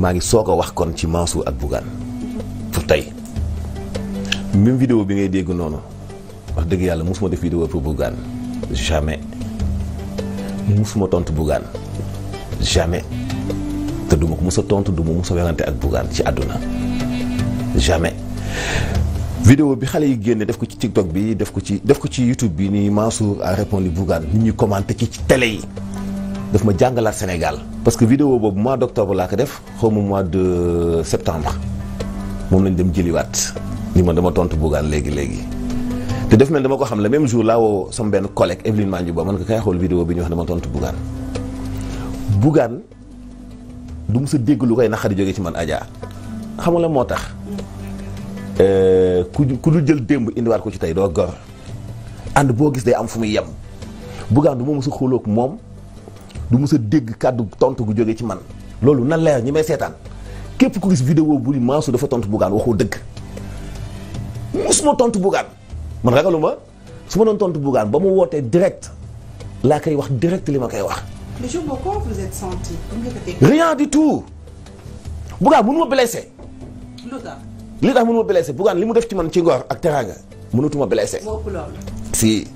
maa ngi soog a wax kon ci Mansour ak Bougane pour tey même video bi ngay dégg noonu wax dëgg yàlla mosuma def vidéo pour Bougane jamais mosuma tontu Bougane jamais te duma ko mos tontu duma mos a werante ak Bougane ci àdduna jamais vidéo bi xale yi génne def ko ci TikTok bi def ko ci def ko ci YouTube bi ni Mansour a répondu Bougane nit ñi commenté ci ci télé yi daf ma jàngalaat Sénégal parce que vidéo boobu mois d' octobre laa ko def xaw ma mois de septembre moom lañ dem jëliwaat ni ma dama tontu Bougane léegi léegi te def mel dama ko xam le même jour laa woo sama benn collègue Evelyne Mandiou Ba man ko kay xool vidéo bi ñu wax dama tontu Bougane Bougane du mës a dégg lu koy naqari jóge ci man Adja xam nga la moo tax euh, ku ku du jël démb indiwaat ko ci tey doo gor ànd boo gis day am fu muy yem Bougane du ma mës a moom lu mës a dégg kàddu tontu gu jógee ci man loolu na leer ñi may seetaan képp ku gis vidéo bu ni Mansour dafa tontu Bougane waxoo dëgg musuma tontu Bougane man ragaluma su ma doon tontu Bougane ba mu wootee direct laa koy wax direct li ma koy wax. le jour boobu vous êtes senti. rien du tout Bougane mënu ma blessé. lu li tax mënu ma blessé Bougane li mu def ci man ci ngor ak teraanga mënatuma blessé. si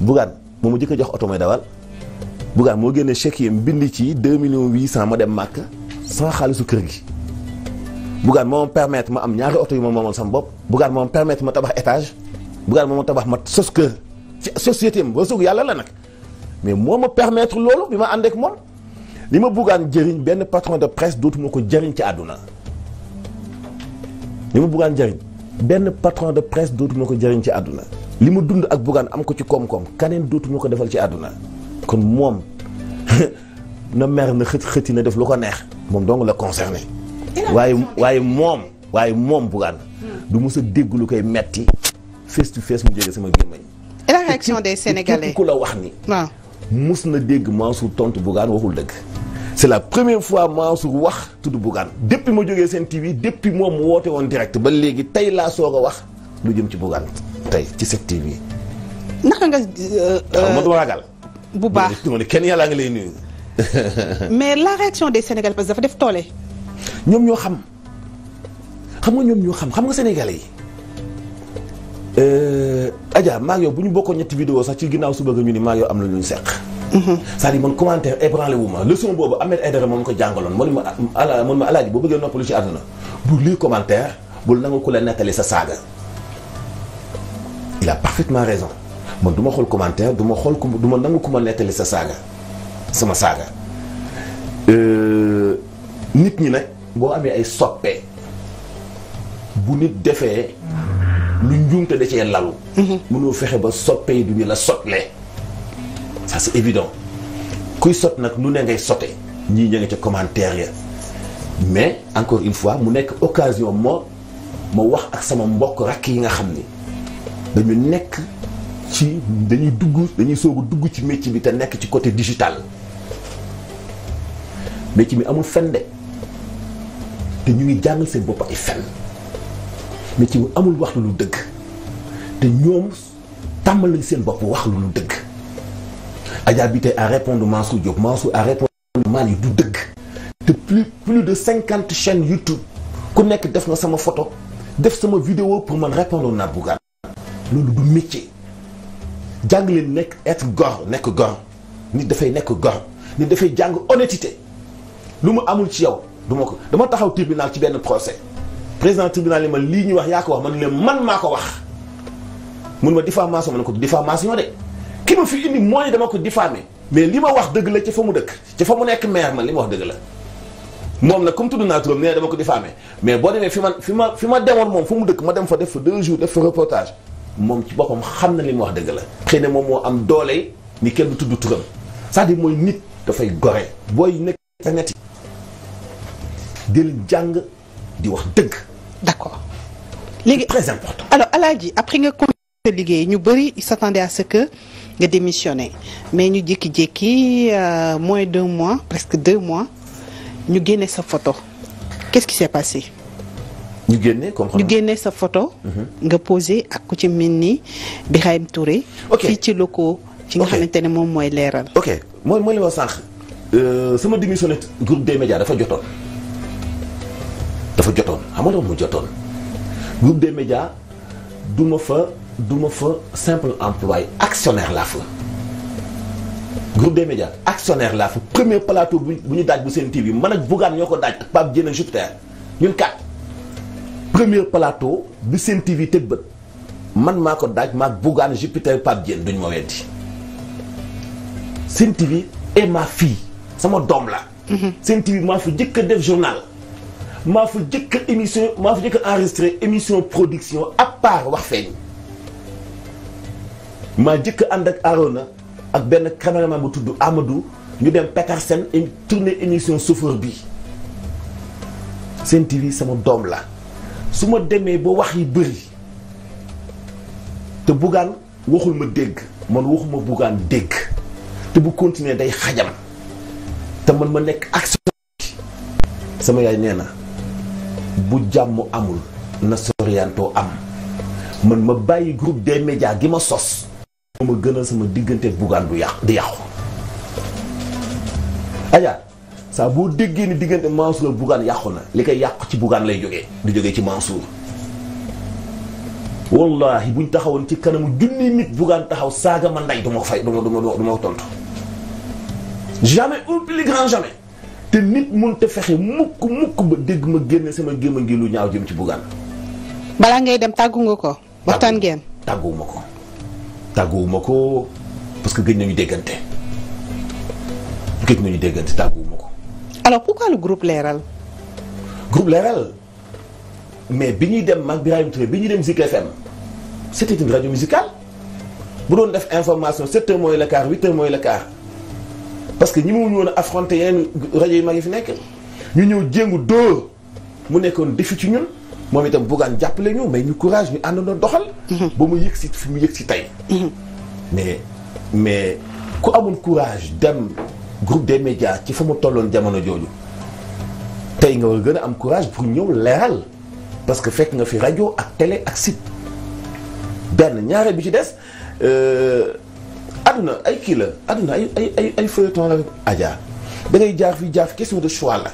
Bougane moom mu jëkk jox oto may dawal. Bougane moo génne chèque yi bind ci 2 millions 800 ma dem màkk sans xaalisu kër gi. Bougane moo ma permettre ma am ñaari oto yu ma moomal sama bopp Bougane moo ma permettre ma tabax étage Bougane moo ma tabax mat sos kër ci société am ba soog yàlla la nag mais moo ma permettre loolu bi ma àndeek ak moom li ma Bougane jëriñ benn patron de presse dootuma ko jëriñ ci àdduna. li ma buggaan jëriñ benn patron de presse dootuma ko jëriñ ci àdduna li ma dund ak Bougane am ko ci koom-koom kaneen ko defal ci àdduna. kon moom na mer na xët xëti na def lu ko neex moom dong la concerné waaye waaye moom waaye moom Bougane hmm. du mos a dégg lu koy metti face to face mu jóge sama gémmañ et la réaction des ku la wax ni waaw mus na dégg Mansour tontu Bougane waxul dëgg c'est la première fois Mansour wax tudd Bougane depuis ma jógee seen TV depuis moom mu woote woon direct ba léegi tey laa soog a wax lu jëm ci Bougane tey ci seen TV naka nga. Euh, ma duma ragal. bu baax kenn yàlla nga lay nuyu. mais la réaction de Sénégalais parce que dafa def toole. ñoom ñoo xam xam nga ñoom ñoo xam xam nga Sénégalais yi. Euh, Adja maa ngi yow bu ñu bokkoo ñetti vidéo sax ci ginnaaw suba nga ñu ni maa ngi yow am na seq. Mhm. c'est-à-dire man commentaire ébranlé wu ma leçon boobu Ahmed Aïdara moom ko jàngaloon moo ma ala man ma alaaji boo bëggee noppalu ci àdduna bul lii commentaire bul nangu ku la nettali sa saaga. il a parfaitement raison. man duma ma xool commentaire du ma xool ku du ma nangu ku ma nettali sa saaga sama saaga euh, nit ñi nag boo amee ay soppe bu nit defee lu njuumte da cee lalu mhm. mënoo fexe ba soppe yi du ñu la sotle ça c'est évident kuy sot nag lu ne ngay sote ñii ña ca commentaire ya mais encore une fois mu nekk occasion moo ma wax ak sama mbokk rakk yi nga xam ni dañu nekk ci dañuy dugg dañuy soog dugg ci métier bi te nekk ci côté digital métier bi amul fen de te ñu ngi jàngal seen bopp ay fen métier bi amul wax lu dëgg te ñoom tàmmal nañ seen bopp wax lu dëgg Adja bi tey à répondre Mansour Diop Mansour à répondre maan yi du dëgg te plus plus de cinquante chaînes YouTube ku nekk def nga sama photo def sama vidéo pour man répondre naa Bougane loolu du métier jàng leen nekk et góor nekk góor nit dafay nekk góor nit dafay jàng honnêteté lu mu amul ci yow du ma ko dama taxaw tribunal ci benn procès président tribunal yi ma lii ñuy wax yaa ko wax man leen man maa ko wax mun ma diffamation ma ne ko diffamation de ki ma fi indi mooy dama ko diffamé mais li ma wax dëgg la ci fa mu dëkk ci fa mu nekk maire ma li ma wax dëgg la moom nag comme tudd naa turam nee dama ko diffamé mais boo demee fi ma fi ma fi ma demoon moom fu mu dëkk ma dem fa def fa deux jours def fa reportage moom ci boppam xam na li mu wax dëgg la. xëy na moom moo am doole ni kenn du tudd turam c'est-à-dire mooy nit dafay gore. booy nekk internet yi di leen jàng di wax dëgg. d'accord léegi très important. alors Alaaji après nga continué liggéey ñu bëri ils s'attendaient à ce que nga démissionné mais ñu jékki-jékki euh, moins d'un mois presque deux mois ñu génne sa photo qu'est-ce qui s'est passé. ñu génne comme ñu génne sa photo. Mm-hmm. nga posé ak ku ci mel ni Birahim Touré. fii ci locaux ci nga xamante ne moom mooy leeral. ok mooy mooy li ma sànq euh, sama démissionné groupe de média dafa jotoon dafa jotoon xam nga mu jotoon groupe des médias du ma fa du fa simple employé actionnaire laa fa. groupe des médias actionnaire laa fa premier plateau bu ñu daaj bu seen TV man ak Bougane ñoo ko daaj ak Pape Dieng ak Jupiter ñun kat. premier plateau bi seen TV teg man maa ko daaj maag Bougane Jupiter Pape Diène duñ ma weddi seen TV et ma fille sama doom la. Mhm. seen TV maa fi njëkk def journal maa fi njëkk a émission maa njëkk a enregistré émission production à part wax feeñ maa njëkk ànd ak Arona ak benn caméraman bu tudd Amadou ñu dem Petersen tourné émission chauffeur bi seen TV sama doom la. su ma demee ba wax yi bëri te buggaan waxul ma dégg man waxuma buggaan dégg te bu continuer day xajam te man ma nekk action sama nee na bu jàmm amul na soriantoo am man ma bàyyi groupe de médias gi ma sos ma gënal sama diggante buggaan du yàqu di yàqu aja saa boo déggee ni diggante Mansour ak yàqu na li koy yàqu ci Bougane lay jógee lu jógee ci Mansour wallahi buñ taxawoon ci kanamu junni nit Bougane taxaw saaga ma ndey du ko fay du ma du ma du ma ko tontu fexe mukk dégg ma génne sama gémma ngi lu ñaaw jëm ci Bougane ngay dem tàggu ko waxtaan ngeen tàgguwuma ko tàgguwuma ko parce que gëj nañu déggante gëj nañu déggante tàggu alors pourquoi le group Leral. groupe Leral mais bi ñuy dem mag Birahim Touré bi ñuy dem Zik FM c'était une radio musicale bu doon def information 7 heures mooy le quart 8 heures mooy le quart parce que ñi mu woon a affronter yeneen rajo yu mag yi fi nekk ñu ñëw jéngu dóor mu nekkoon défi ci ñun moom itam buggaan jàppale ñu mais ñu courage ñu àndandoo doxal. Mhm. ba mu yëg si fi mu yëg si tey. Mhm. mais mais ku amul courage dem. groupe des médias ci fa mu tolloon jamono jooju tey nga war gën a am courage pour ñëw leeral parce que fekk nga fi rajo ak télé ak site benn ñaare bi ci des euh, àdduna ay kii la àdduna ay ay ay ay feuilleton la Adja da ngay jaar fi jaar question de choix la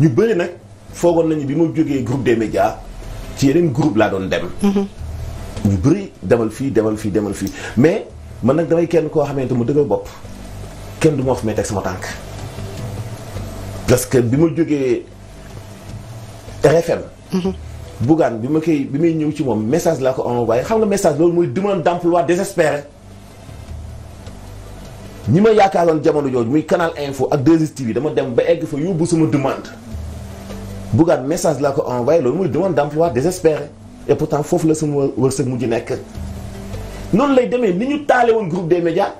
ñu bëri nag foogoon nañu bi moom jógee groupe des médias ci yeneen groupe laa doon dem. Mm-hmm. ñu bëri demal fii demal fii demal fii mais man nag damay kenn koo xamante mu dëgër bopp. kenn du ma wax may teg sama tànk parce que bi ma jógee RFM. Mhm. Bougane bi ma koy bi may ñëw ci moom message laa ko envoyé xam nga message loolu mooy demande d'emploi désespéré ñi ma yaakaaroon jamono jooju muy canal info ak 2STV dama dem ba egg fa yóbbu sama demande Bougane message laa ko envoyé loolu mooy demande d'emploi désespéré et pourtant foofu la sama wërsëg mujj nekk noonu lay demee ni ñu taale woon groupe des médias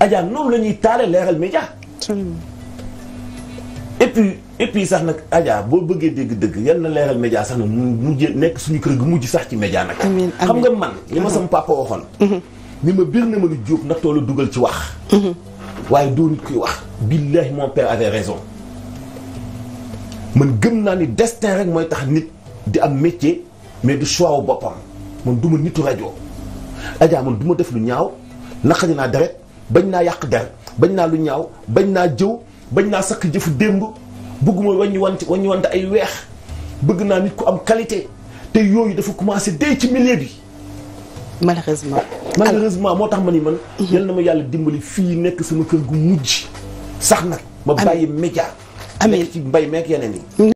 Adja noonu la ñuy taale leeral média et puis sax nag Adja boo bëggee dégg-dëgg yan na leeral média sax nag mu mujj nekk suñu kër gu mujj sax ci média nag xam nga man li ma sama papa waxoon mhm. ni ma biir na ma ni Diop ndax toolu dugal ci wax mhm. waaye doo nit kuy wax billahi mon père avait raison man gëm naa ni destin rek mooy tax nit di am métier mais du choix wu boppam man du nitu rajo Adja man duma def lu ñaaw naqari naa deret bañ naa yàq der bañ naa lu ñaaw bañ naa jëw bañ naa sakk jëfu démb bëgguma waññi wante waññi wante ay weex bëgg naa nit ku am qualité te yooyu dafa commencé day ci milieu bi. malheureusement. malheureusement moo tax ma ni man. Mhm. yal na ma yàlla dimbali fii nekk sama kër gu mujj. sax nag ma bàyyi média. amiin nekk ci mbay meek yeneen yi.